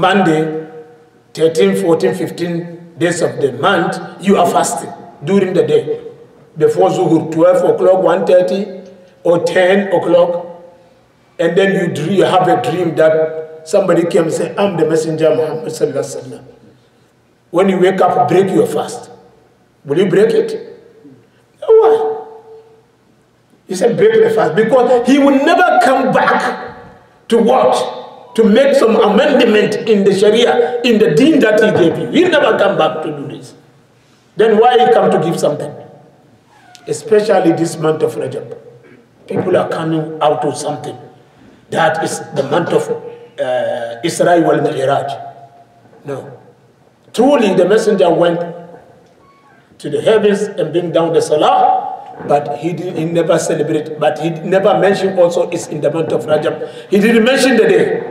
Monday, 13, 14, 15 days of the month, you are fasting during the day. Before Zuhur, 12 o'clock, 1.30 or 10 o'clock. And then you, dream, you have a dream that somebody came and said, I'm the messenger Muhammad sallallahu alayhi wa When you wake up, break your fast. Will you break it? Why? He said, break the fast. Because he will never come back to what? to make some amendment in the Sharia, in the deen that he gave you. He'll never come back to do this. Then why he come to give something? Especially this month of Rajab. People are coming out of something. That is the month of uh, Israel wal Mi'raj. No. Truly, the messenger went to the heavens and bring down the Salah but he, did, he never celebrated, but he never mentioned also it's in the month of Rajab. He didn't mention the day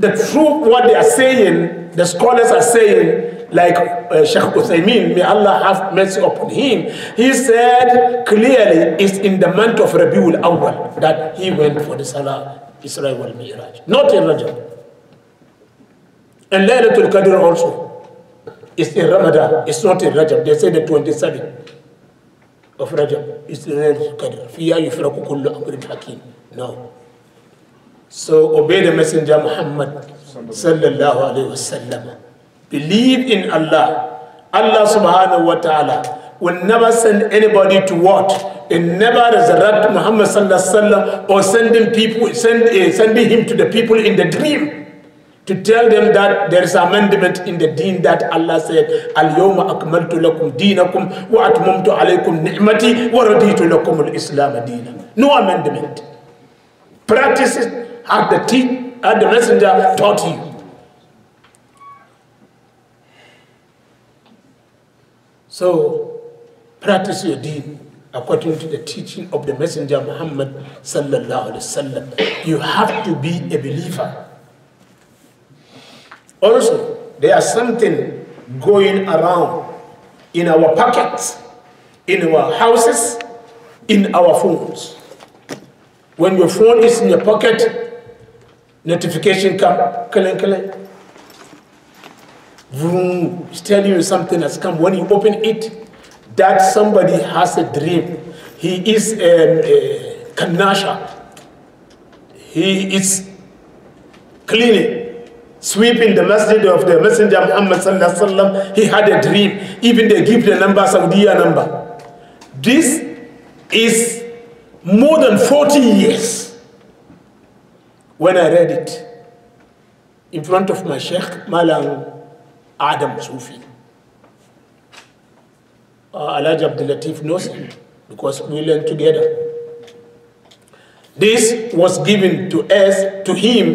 the truth, what they are saying, the scholars are saying, like uh, Sheikh Uthaymeen, may Allah have mercy upon him, he said clearly it's in the month of Rabiul Awal that he went for the Salah Israel wal Mi'raj, not in Rajab. And Laylatul Qadr also. It's in Ramadan, it's not in Rajab. They say the 27th of Rajab. It's in Laylatul Qadr. Fiya yufraku kullu No. So obey the Messenger Muhammad sallallahu alaihi wasallam. Believe in Allah. Allah subhanahu wa ta'ala will never send anybody to what? And never resurrect Muhammad sallallahu alaihi wasallam or sending people, send, uh, sending him to the people in the dream to tell them that there is amendment in the deen that Allah said, Al-Yawma akmaltu lakum deenakum wa atmumtu alaykum ni'mati wa raditu lakum al-Islam No amendment. Practice it as the, te- as the messenger taught you. So practice your deen according to the teaching of the messenger Muhammad sallallahu alaihi wasallam. You have to be a believer. Also, there is something going around in our pockets, in our houses, in our phones. When your phone is in your pocket, notification come, clang, clang. Vroom, it's telling you something has come. When you open it, that somebody has a dream. He is a, um, a kanasha. He is cleaning, sweeping the masjid of the Messenger Muhammad Sallam. He had a dream. Even they give the number, Saudi number. This is more than 40 years when I read it in front of my Sheikh Malam Adam Sufi. Uh, Alaj Abdul Latif knows him because we learned together. This was given to us, to him,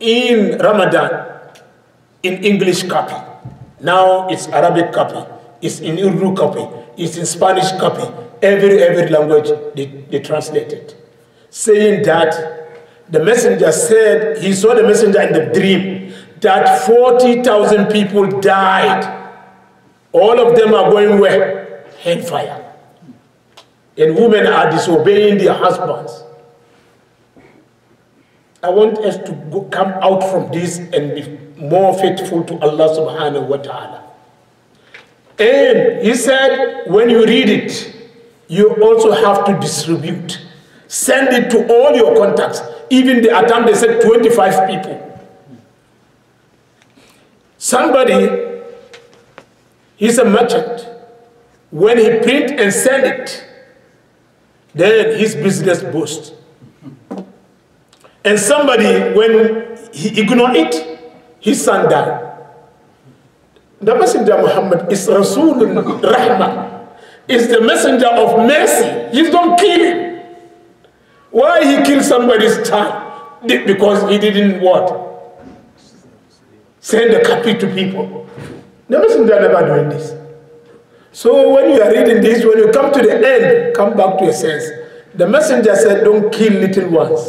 in Ramadan, in English copy. Now it's Arabic copy, it's in Urdu copy, it's in Spanish copy. Every, every language they, they translated, saying that the messenger said he saw the messenger in the dream that 40,000 people died. All of them are going where? Hellfire. And women are disobeying their husbands. I want us to go, come out from this and be more faithful to Allah subhanahu wa ta'ala. And he said, when you read it, you also have to distribute. Send it to all your contacts. Even the attempt, they said 25 people. Somebody, he's a merchant. When he print and send it, then his business boost. And somebody, when he ignore it, his son died. The messenger Muhammad is Rasulun Rahman. is the messenger of mercy. You don't kill him. Why he killed somebody's child? Because he didn't what? Send a copy to people. The messenger never doing this. So when you are reading this, when you come to the end, come back to your sense. The messenger said, don't kill little ones.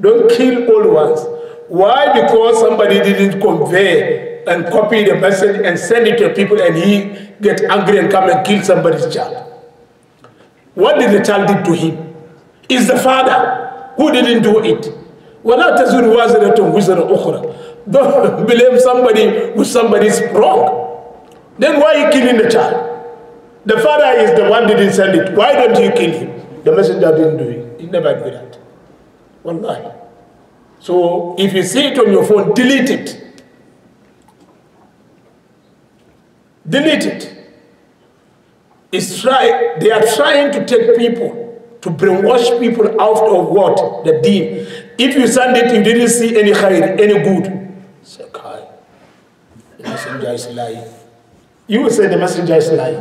Don't kill old ones. Why? Because somebody didn't convey and copy the message and send it to people and he get angry and come and kill somebody's child. What did the child did to him? is the father who didn't do it. وَلَا تَزُرُ وَازِرَةٌ وِزَرَ أُخْرَى Don't blame somebody with somebody's wrong. Then why are you killing the child? The father is the one didn't send it. Why don't you kill him? The messenger didn't do it. He never did that. Wallahi. So if you see it on your phone, delete it. Delete it. It's try, they are trying to take people to brainwash people out of what? The deen. If you send it, you didn't see any khair, any good. Say, Kai, the messenger is lying. You will say the messenger is lying.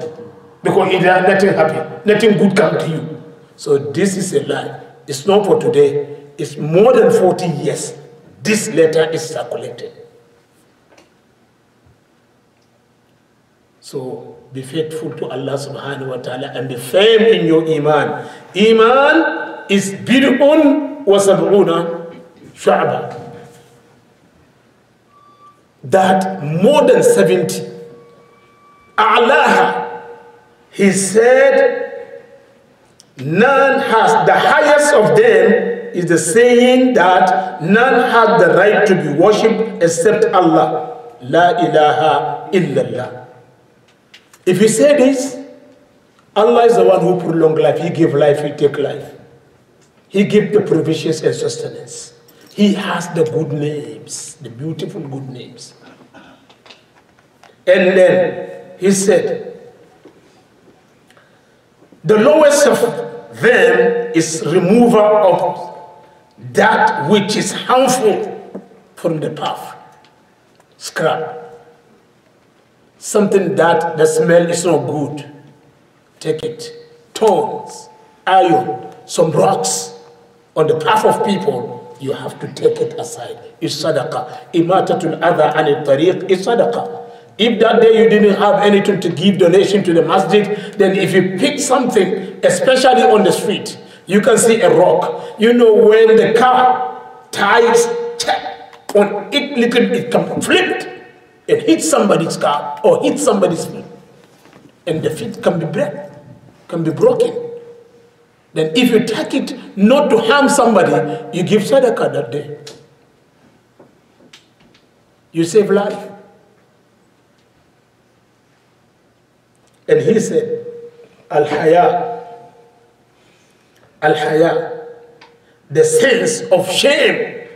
Because nothing happened. Nothing good come to you. So this is a lie. It's not for today. It's more than 40 years. This letter is circulated. So be faithful to Allah subhanahu wa ta'ala and be firm in your iman. Iman is bid'un wa sab'una shu'aba. That more than 70. Allah, he said, none has, the highest of them is the saying that none has the right to be worshipped except Allah. La ilaha illallah. If he said this, Allah is the one who prolongs life. He gives life, He takes life. He gives the provisions and sustenance. He has the good names, the beautiful good names. And then he said, the lowest of them is remover of that which is harmful from the path. Scrap something that the smell is not good. Take it. Stones, iron, some rocks on the path of people, you have to take it aside. It's sadaqah. Imatatul adha anil tariq is sadaqah. If that day you didn't have anything to give donation to the masjid, then if you pick something, especially on the street, you can see a rock. You know when the car tires check on it little, it can flip and hit somebody's car or hit somebody's foot, and the feet can be break, can be broken. Then if you take it not to harm somebody, you give sadaqah that day. You save life. And he said, Al-Haya, Al-Haya, the sense of shame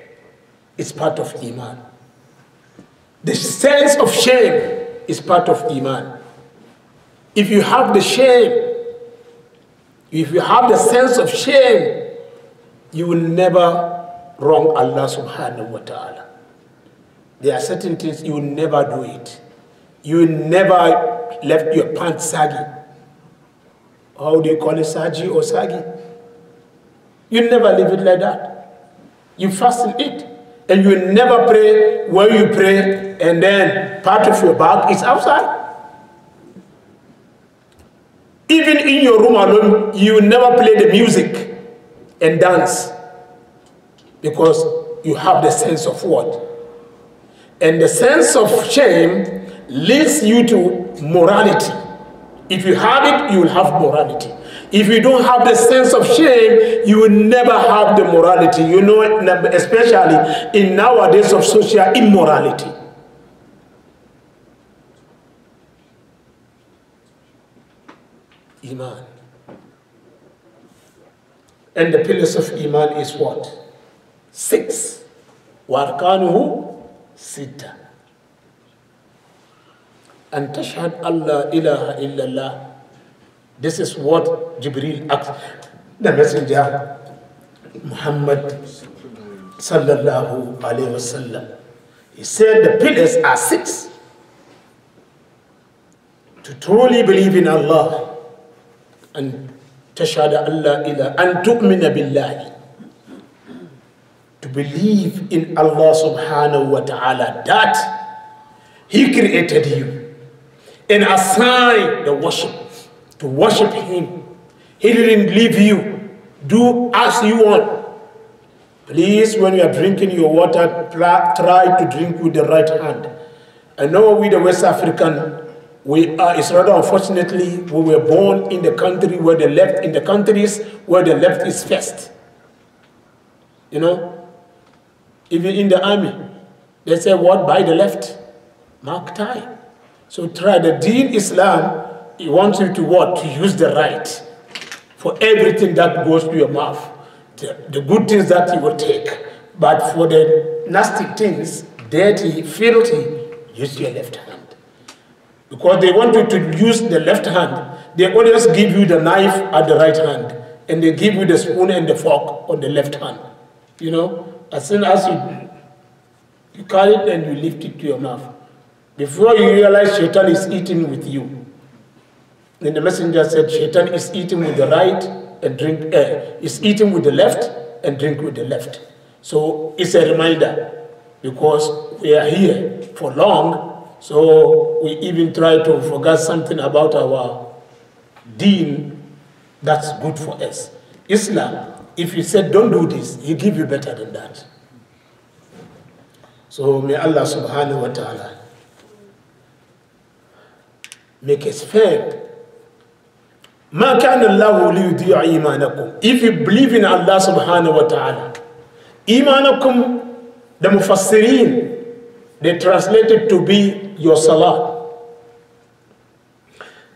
is part of Iman. The sense of shame is part of Iman. If you have the shame, if you have the sense of shame, you will never wrong Allah subhanahu wa ta'ala. There are certain things you will never do it. You will never left your pants saggy. How do you call it saggy or saggy? You never leave it like that. You fasten it. And you never pray where you pray and then part of your back is outside. Even in your room alone, you never play the music and dance because you have the sense of what? And the sense of shame leads you to morality. If you have it, you will have morality. If you don't have the sense of shame, you will never have the morality. You know, especially in nowadays of social immorality. Iman. And the pillars of Iman is what? Six. وأركانه sita And تشهد Allah لا illallah. This is what Jibril asked the messenger Muhammad sallallahu alayhi wasallam. He said the pillars are six. To truly believe in Allah, أن تشهد أن لا إله أن تؤمن بالله to believe in Allah subhanahu wa ta'ala that He created you and assign the worship to worship Him. He didn't leave you. Do as you want. Please, when you are drinking your water, try to drink with the right hand. I know we, the West African, we are, it's rather unfortunately, we were born in the country where the left, in the countries where the left is first. You know, even in the army, they say, what by the left? Mark time. So try the deen Islam, He wants you to what? To use the right for everything that goes to your mouth. The, the good things that you will take. But for the nasty things, dirty, filthy, use your left hand because they want you to use the left hand. They always give you the knife at the right hand, and they give you the spoon and the fork on the left hand. You know, as soon as you, you carry it and you lift it to your mouth, before you realize Shaitan is eating with you. Then the messenger said, Shaitan is eating with the right and drink, uh, is eating with the left and drink with the left. So it's a reminder because we are here for long so we even try to forget something about our deen that's good for us. Islam, if you said don't do this, he give you better than that. So may Allah subhanahu wa ta'ala make us fair. ما كان الله ليضيع إيمانكم if you believe in Allah subhanahu wa ta'ala إيمانكم the mufassirin they translate it to be your salah.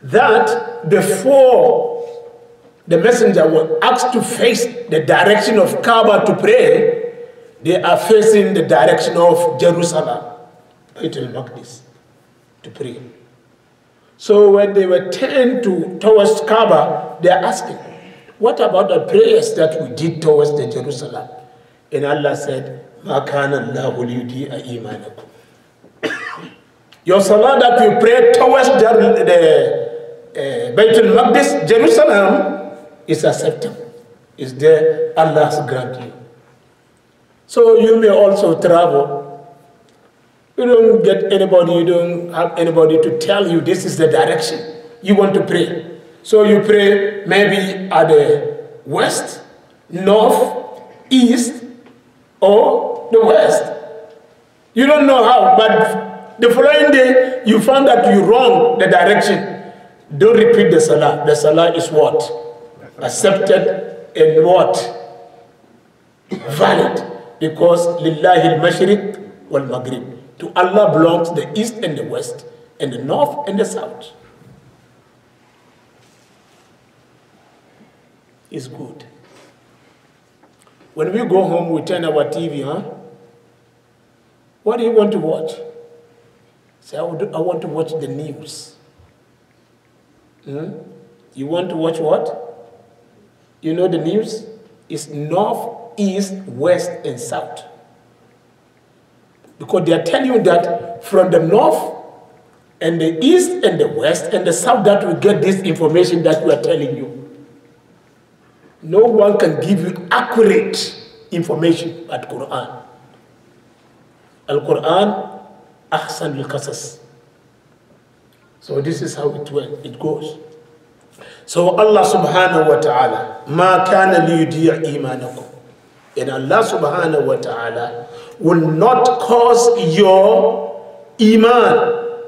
That before the messenger was asked to face the direction of Kaaba to pray, they are facing the direction of Jerusalem, Baitul Maqdis, to pray. So when they were turned to, towards Kaaba, they are asking, what about the prayers that we did towards the Jerusalem? And Allah said, مَا كَانَ اللَّهُ لِيُدِيَ إِيمَانَكُمْ your salah that you pray towards the, the uh, Baitul Maqdis, Jerusalem, is acceptable. Is there Allah's grant you. So you may also travel. You don't get anybody, you don't have anybody to tell you this is the direction you want to pray. So you pray maybe at the west, north, east, or the west. You don't know how, but the following day, you found that you wrong the direction. Don't repeat the salah. The salah is what? Accepted and what? Valid. Because lillahi al-mashriq wal-maghrib. To Allah belongs the east and the west, and the north and the south. It's good. When we go home, we turn our TV, huh? What do you want to watch? Say, I, would, I want to watch the news. Hmm? You want to watch what? You know the news? It's north, east, west, and south. Because they are telling you that from the north and the east and the west and the south that we get this information that we are telling you. No one can give you accurate information at Quran. Al Quran Ahsan al-Qasas. So this is how it, went, it goes. So Allah subhanahu wa ta'ala, ma kana liyudi'a imanakum. And Allah subhanahu wa ta'ala will not cause your iman,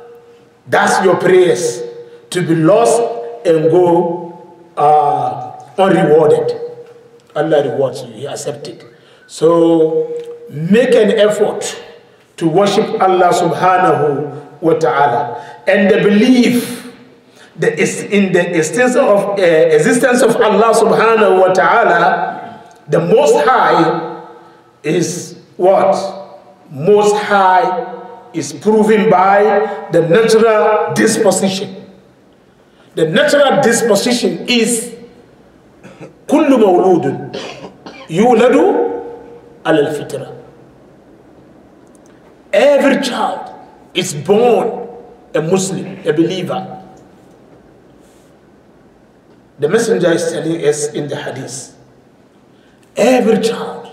that's your prayers, to be lost and go uh, unrewarded. Allah rewards you, He accepted. So make an effort to worship Allah subhanahu wa ta'ala. And the belief that is in the existence of, uh, existence of Allah subhanahu wa ta'ala, the Most High is what? Most High is proven by the natural disposition. The natural disposition is kullu مولود yuladu al-fitrah. Every child is born a Muslim, a believer. The messenger is telling us in the hadith, every child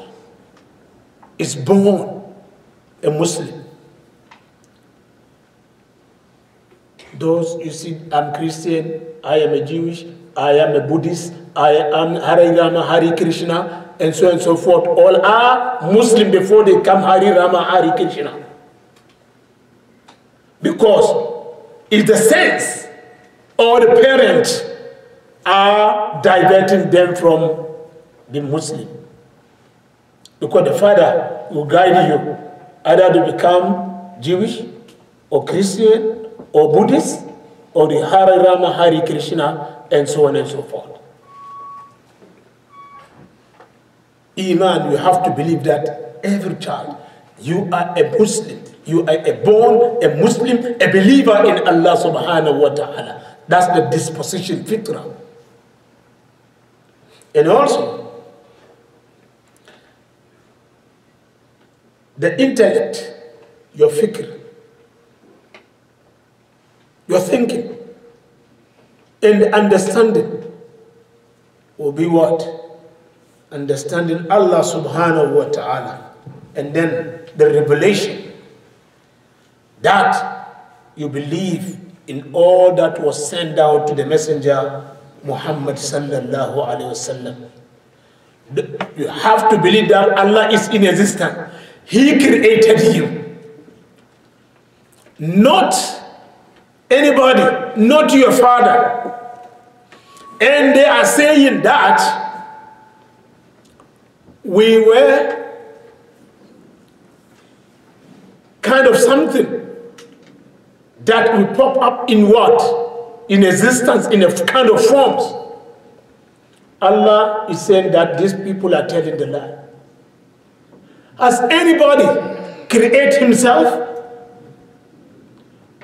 is born a Muslim. Those you see, I'm Christian, I am a Jewish, I am a Buddhist, I am Hare Rama, Hare Krishna, and so on and so forth. All are Muslim before they come Hare Rama, Hare Krishna because if the sense or the parents are diverting them from the Muslim. Because the father will guide you either to become Jewish or Christian or Buddhist or the Hare Rama, Hare Krishna, and so on and so forth. Iman, you have to believe that every child, you are a Muslim. You are a born, a Muslim, a believer in Allah subhanahu wa ta'ala. That's the disposition, fitrah. And also, the intellect, your fikr, your thinking, and understanding will be what? Understanding Allah subhanahu wa ta'ala. And then the revelation that you believe in all that was sent down to the messenger Muhammad sallallahu alaihi wasallam. You have to believe that Allah is in existence. He created you. Not anybody, not your father. And they are saying that we were kind of something that will pop up in what? In existence, in a kind of forms. Allah is saying that these people are telling the lie. Has anybody create himself?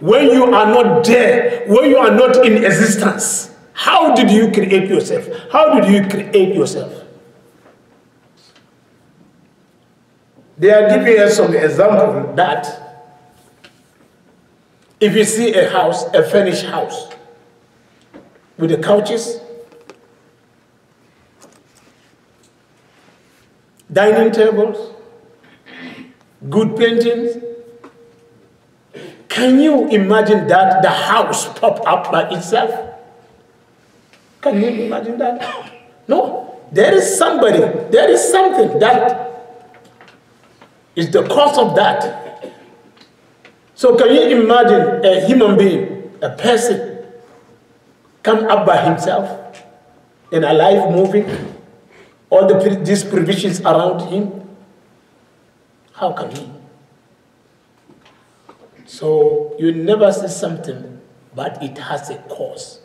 When you are not there, when you are not in existence, how did you create yourself? How did you create yourself? They are giving us some example that if you see a house, a furnished house, with the couches, dining tables, good paintings, can you imagine that the house pop up by itself? Can you imagine that? No. There is somebody, there is something that is the cause of that. So can you imagine a human being, a person, come up by himself and alive, moving, all the, these provisions around him? How can he? So you never see something, but it has a cause.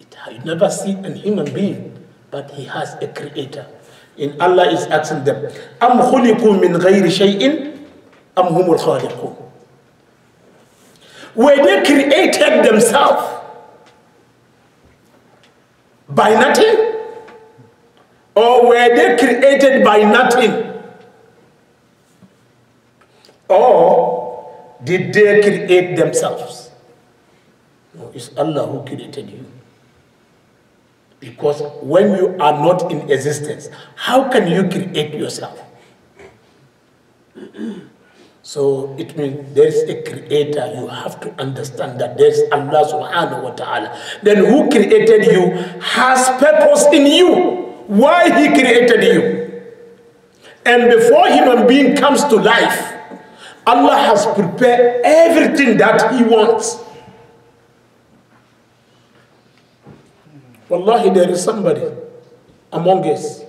It, you never see a human being, but he has a creator. And Allah is asking them, Am khuliqu min ghayri shay'in am humul khaliqun. Were they created themselves by nothing? Or were they created by nothing? Or did they create themselves? No, it's Allah who created you. Because when you are not in existence, how can you create yourself? So it means there is a creator. You have to understand that there is Allah subhanahu wa ta'ala. Then who created you has purpose in you. Why he created you. And before human being comes to life, Allah has prepared everything that he wants. Wallahi, there is somebody among us.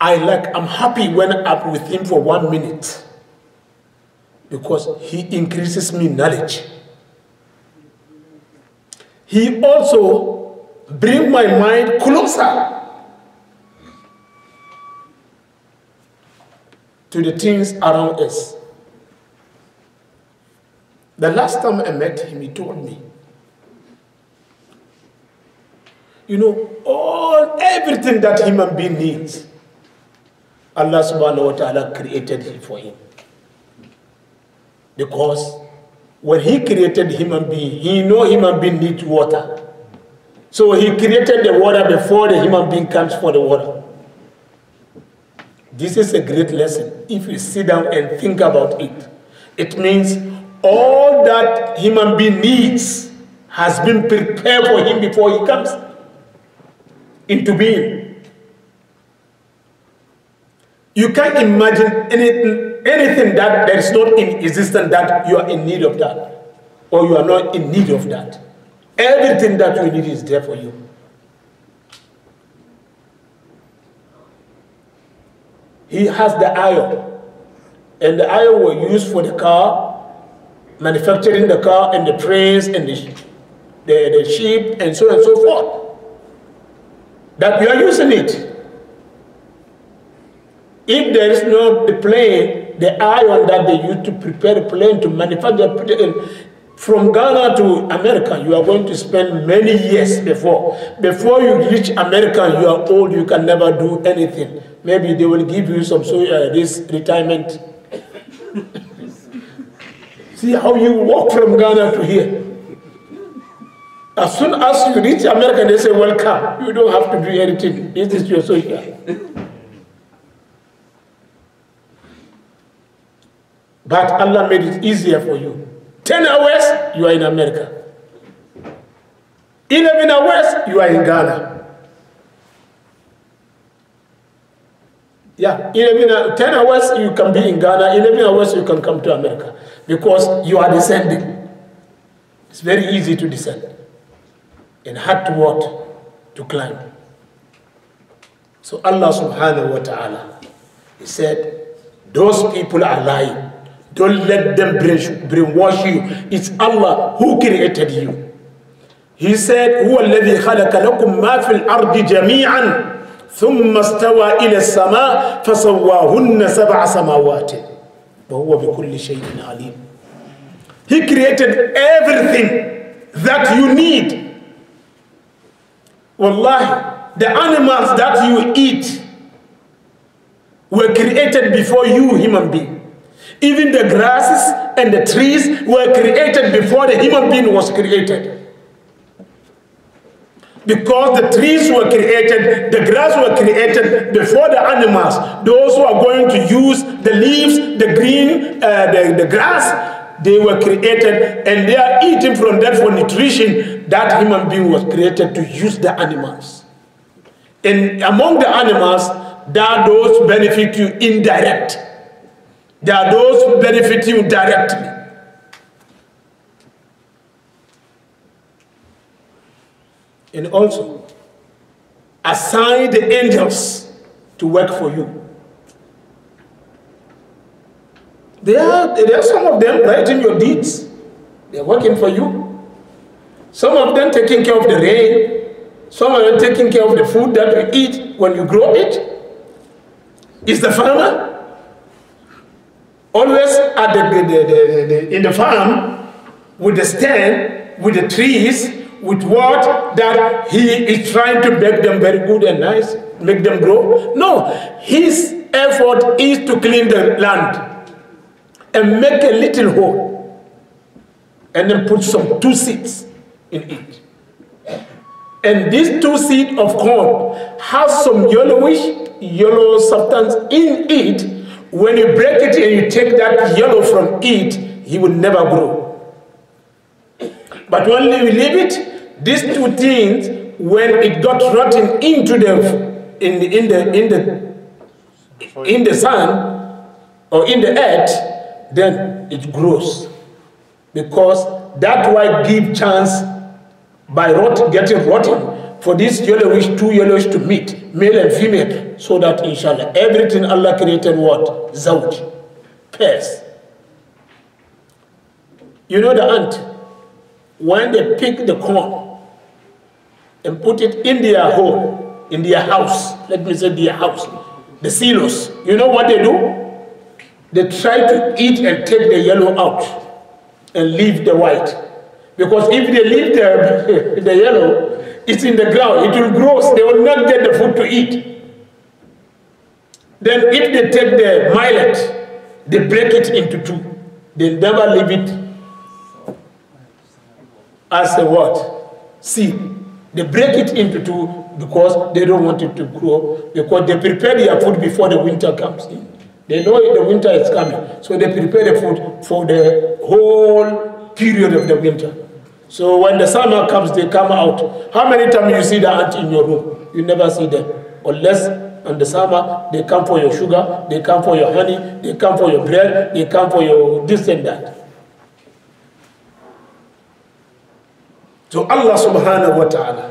I like, I'm happy when I'm with him for one minute because he increases me knowledge. He also bring my mind closer to the things around us. The last time I met him, he told me, you know, all everything that human being needs. Allah subhanahu wa ta'ala created it for him. Because when he created human being, he know human being needs water. So he created the water before the human being comes for the water. This is a great lesson if you sit down and think about it. It means all that human being needs has been prepared for him before he comes into being. You can't imagine anything, anything that there is not in existence that you are in need of that, or you are not in need of that. Everything that you need is there for you. He has the iron, and the iron was used for the car, manufacturing the car, and the trains, and the, the, the sheep, and so on and so forth that you are using it. If there is no the plane, the iron that they use to prepare a plane to manufacture it from Ghana to America, you are going to spend many years before. Before you reach America, you are old, you can never do anything. Maybe they will give you some so, uh, this retirement. See how you walk from Ghana to here. As soon as you reach America, they say, welcome. You don't have to do anything. This is your social. but Allah made it easier for you. 10 hours, you are in America. 11 hours, you are in Ghana. Yeah, 11, 10 hours, you can be in Ghana. 11 hours, you can come to America. Because you are descending. It's very easy to descend and had to what? To climb. So Allah subhanahu wa ta'ala, He said, those people are lying. Don't let them brainwash you. It's Allah who created you. He said, هو الذي خلق لكم ما في الأرض جميعا ثم استوى إلى السماء فسواهن سبع سماوات وهو بكل شيء عليم. He created everything that you need Wallahi, the animals that you eat were created before you, human being. Even the grasses and the trees were created before the human being was created. Because the trees were created, the grass were created before the animals. Those who are going to use the leaves, the green, uh, the, the grass, they were created and they are eating from that for nutrition that human being was created to use the animals and among the animals there are those benefit you indirect there are those benefit you directly and also assign the angels to work for you There, are, there are some of them writing your deeds. They're working for you. Some of them taking care of the rain. Some of them taking care of the food that you eat when you grow it. Is the farmer always at the, the, the, the, in the farm with the stand, with the trees, with what that he is trying to make them very good and nice, make them grow. No, his effort is to clean the land and make a little hole and then put some two seeds in it. And this two seed of corn has some yellowish yellow substance in it. When you break it and you take that yellow from it, he will never grow. But when you leave it, these two things, when it got rotten into the in the in the in the in the sun or in the earth, then it grows. Because that white give chance by rot getting rotten for this yellowish, two yellowish to meet, male and female, so that inshallah, everything Allah created what? Zawj, pairs. You know the ant, when they pick the corn and put it in their hole, in their house, let me say their house, the silos, you know what they do? They try to eat and take the yellow out and leave the white. Because if they leave the, the yellow, it's in the ground. It will grow. So they will not get the food to eat. Then if they take the millet, they break it into two. They never leave it as a what? Seed. They break it into two because they don't want it to grow because they prepare their food before the winter comes in. They know the winter is coming, so they prepare the food for the whole period of the winter. So when the summer comes, they come out. How many times you see the ant in your room? You never see them. Unless on the summer, they come for your sugar, they come for your honey, they come for your bread, they come for your this and that. So Allah subhanahu wa ta'ala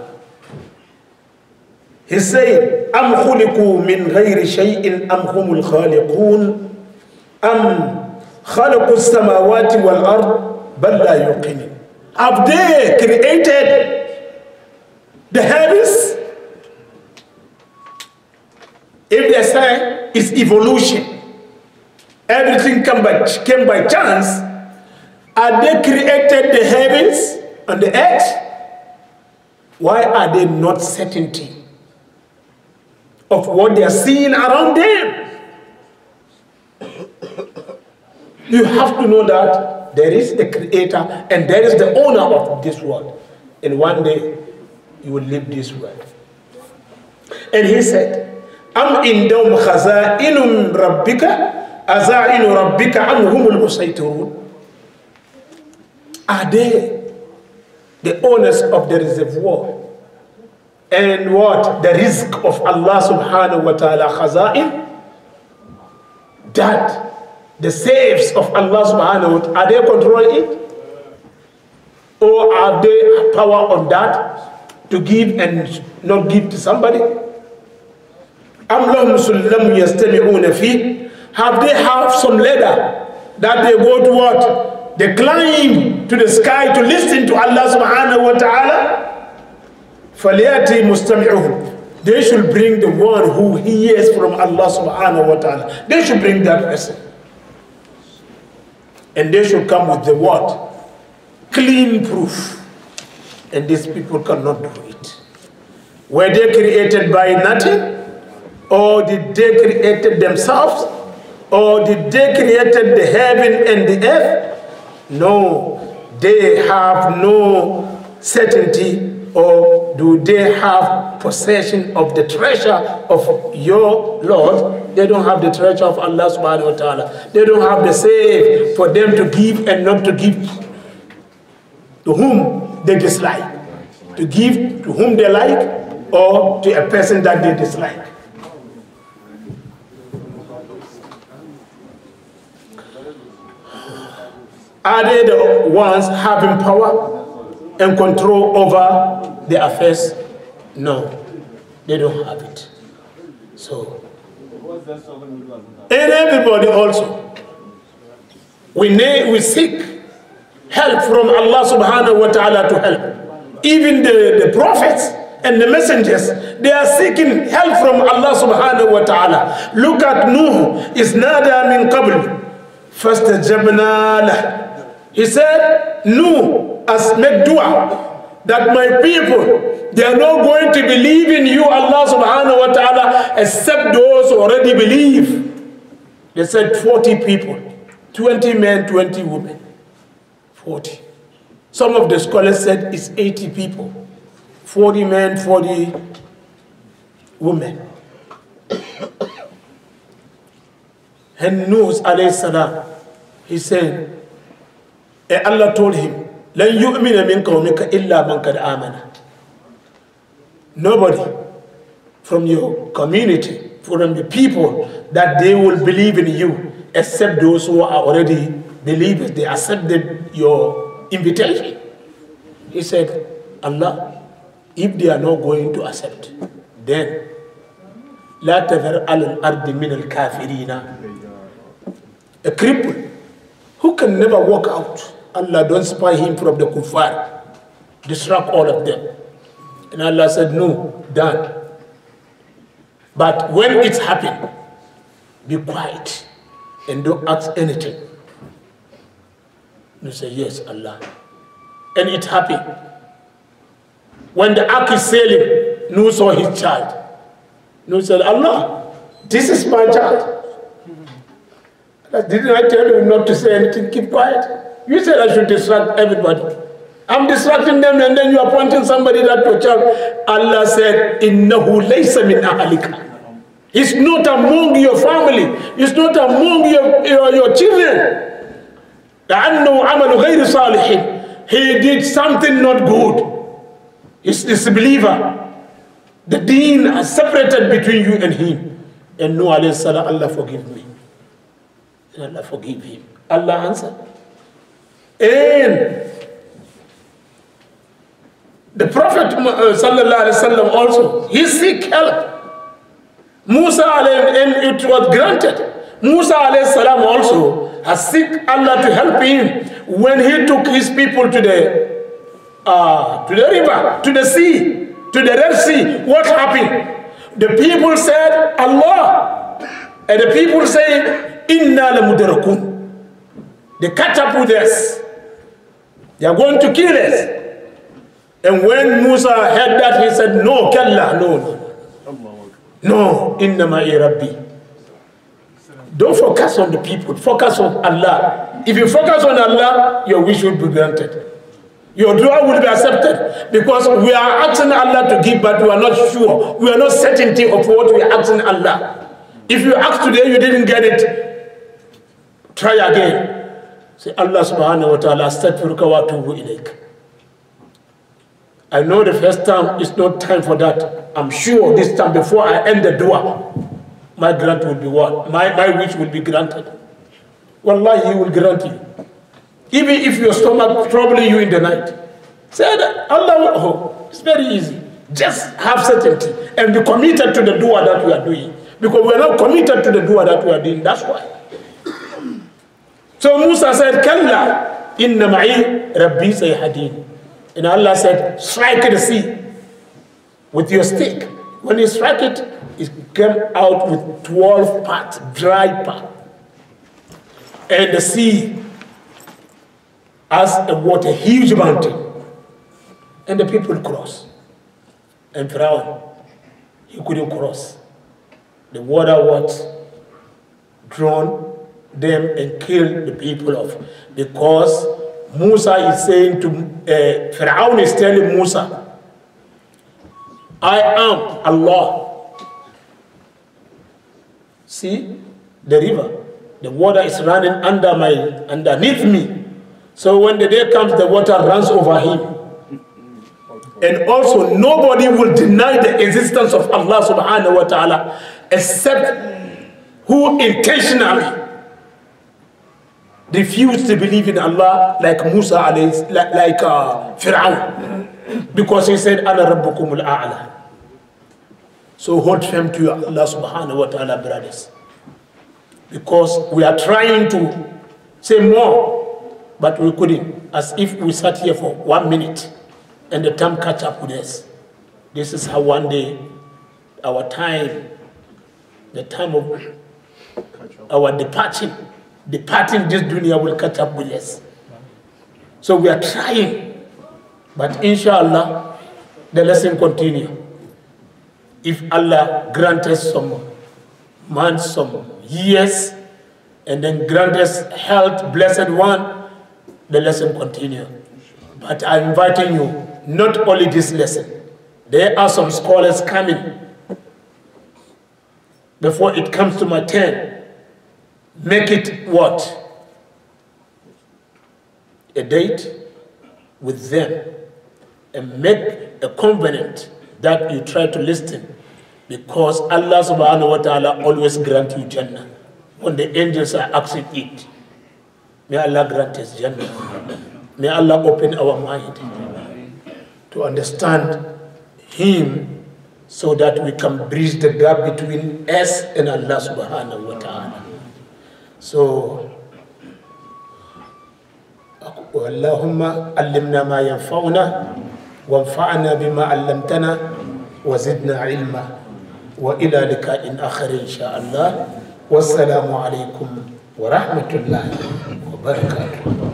he said, Am khuliku min ghayri shay'in am humul khaliqun am khalaku samawati wal ard bal la yuqinun. Have they created the heavens? If they say it's evolution, everything came by, came by chance, are they created the heavens and the earth? Why are they not certainty? of what they are seeing around them. You have to know that there is the creator and there is the owner of this world. And one day you will leave this world. And he said, Am in indom khaza'inum rabbika inu rabbika am humul musaytirun. Are they the owners of the reservoir and what? The risk of Allah subhanahu wa ta'ala khaza'in, that the safes of Allah subhanahu wa ta'ala, are they controlling it? Or are they power on that to give and not give to somebody? أَمْ لَهُمْ سُلَّمْ يَسْتَمِعُونَ فِيهِ Have they have some ladder that they go to what? They climb to the sky to listen to Allah subhanahu wa ta'ala? فَلْيَأْتِي مُسْتَمِعُهُمْ They should bring the one who hears from Allah subhanahu wa ta'ala. They should bring that person. And they should come with the what? Clean proof. And these people cannot do it. Were they created by nothing? Or did they create themselves? Or did they created the heaven and the earth? No, they have no certainty or do they have possession of the treasure of your Lord? They don't have the treasure of Allah subhanahu wa ta'ala. They don't have the say for them to give and not to give to whom they dislike. To give to whom they like or to a person that they dislike. Are they the ones having power and control over the affairs? No, they don't have it. So, and everybody also, we, need, we seek help from Allah subhanahu wa ta'ala to help. Even the, the prophets and the messengers, they are seeking help from Allah subhanahu wa ta'ala. Look at Nuh, Nada min qabl. First, Jabnala. He said, Nuh as make dua that my people, they are not going to believe in you, Allah subhanahu wa ta'ala, except those who already believe. They said 40 people, 20 men, 20 women, 40. Some of the scholars said it's 80 people, 40 men, 40 women. and Nuh alayhi salam, he said, eh, Allah told him, لن يؤمن من قومك إلا من قد آمن nobody from your community from the people that they will believe in you except those who are already believers they accepted your invitation he said Allah if they are not going to accept then لا تذر على الأرض من الكافرين a cripple who can never walk out Allah don't spy him from the kuffar. Distract all of them. And Allah said, no, done. But when it's happened, be quiet and don't ask anything. You say, yes, Allah. And it happened. When the ark is sailing, Nuh saw his child. Nuh said, Allah, this is my child. Didn't I tell you not to say anything? Keep quiet. You said I should distract everybody. I'm distracting them and then you are pointing somebody that to child. Allah said, Innahu laysa min ahalika. It's not among your family. It's not among your, your, your children. لأنه عمل غير صالح. He did something not good. He's a disbeliever. The deen has separated between you and him. And Nuh alayhi salam, Allah forgive me. Allah forgive him. Allah answered. And the Prophet uh, wasallam also, he seek help. Musa and it was granted. Musa salam also has seek Allah to help him when he took his people to the uh, to the river, to the sea, to the Red Sea. What happened? The people said, Allah. And the people say, Inna la They catch up with us. They are going to kill us. And when Musa heard that, he said, No, Kallah, no. No, Innama Rabbi. Don't focus on the people, focus on Allah. If you focus on Allah, your wish will be granted. Your dua will be accepted because we are asking Allah to give, but we are not sure. We are not certainty of what we are asking Allah. If you ask today, you didn't get it, try again. Say, Allah subhanahu wa ta'ala, astaghfiruka wa atubu ilayk. I know the first time is not time for that. I'm sure this time before I end the dua, my grant will be what? My, my wish will be granted. Wallahi, He will grant you. Even if your stomach troubling you in the night. Say, Allah, oh, it's very easy. Just have certainty and be committed to the dua that we are doing. Because we are not committed to the dua that we are doing. That's why. So Musa said, Kalla, inna ma'i rabbi sayhadin. And Allah said, strike the sea with your stick. When you strike it, it came out with 12 parts, dry part. And the sea as a water, huge mountain. And the people cross. And Pharaoh, he couldn't cross. The water was drawn them and kill the people of. Because Musa is saying to, uh, Pharaoh is telling Musa, I am Allah. See the river. The water is running under my, underneath me. So when the day comes, the water runs over him. And also nobody will deny the existence of Allah subhanahu wa ta'ala except who intentionally refused to believe in Allah like Musa, alayhi, like, like uh, Fir'aun, because he said, Ana Rabbukum al-A'la. So hold firm to Allah subhanahu wa ta'ala, brothers. Because we are trying to say more, but we couldn't, as if we sat here for one minute and the time catch up with us. This is how one day our time, the time of our departure departing this dunya will catch up with us. So we are trying. But inshallah, the lesson continue. If Allah grant us some months, some years, and then grant us health, blessed one, the lesson continue. But I'm inviting you, not only this lesson. There are some scholars coming before it comes to my turn. Make it what? A date with them and make a covenant that you try to listen because Allah subhanahu wa ta'ala always grant you Jannah when the angels are asking it. May Allah grant us Jannah. May Allah open our mind to understand Him so that we can bridge the gap between us and Allah subhanahu wa ta'ala. So, اللهم علمنا ما ينفعنا وانفعنا بما علمتنا وزدنا علما وإلى لقاء آخر إن شاء الله والسلام عليكم ورحمة الله وبركاته